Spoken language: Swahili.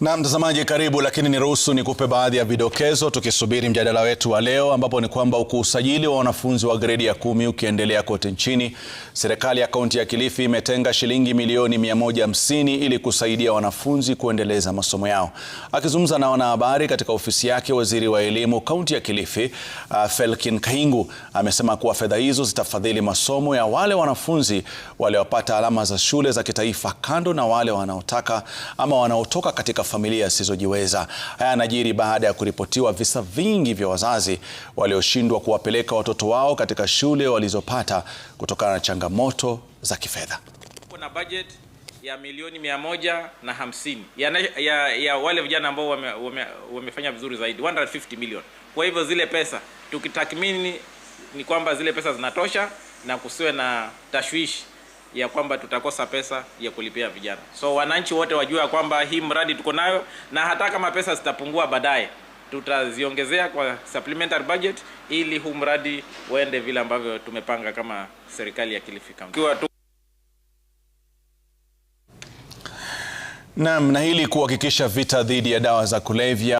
Na mtazamaji karibu, lakini niruhusu nikupe baadhi ya vidokezo tukisubiri mjadala wetu wa leo, ambapo ni kwamba huku usajili wa wanafunzi wa gredi ya kumi ukiendelea kote nchini, serikali ya kaunti ya Kilifi imetenga shilingi milioni 150 ili kusaidia wanafunzi kuendeleza masomo yao. Akizungumza na wanahabari katika ofisi yake, waziri wa elimu kaunti ya Kilifi uh, Felkin Kaingu amesema kuwa fedha hizo zitafadhili masomo ya wale wanafunzi waliopata alama za shule za kitaifa, kando na wale wanaotaka ama wanaotoka katika familia zisizojiweza. Haya yanajiri baada ya kuripotiwa visa vingi vya wazazi walioshindwa kuwapeleka watoto wao katika shule walizopata kutokana na changamoto za kifedha. Kuna budget ya milioni mia moja na hamsini ya, ya, ya wale vijana ambao wame, wame, wamefanya vizuri zaidi 150 million. Kwa hivyo zile pesa tukitathmini ni kwamba zile pesa zinatosha na kusiwe na tashwishi ya kwamba tutakosa pesa ya kulipia vijana. So wananchi wote wajua kwamba hii mradi tuko nayo, na hata kama pesa zitapungua baadaye tutaziongezea kwa supplementary budget ili huu mradi uende vile ambavyo tumepanga kama serikali ya Kilifi County. Naam, na kuhakikisha vita dhidi ya dawa za kulevya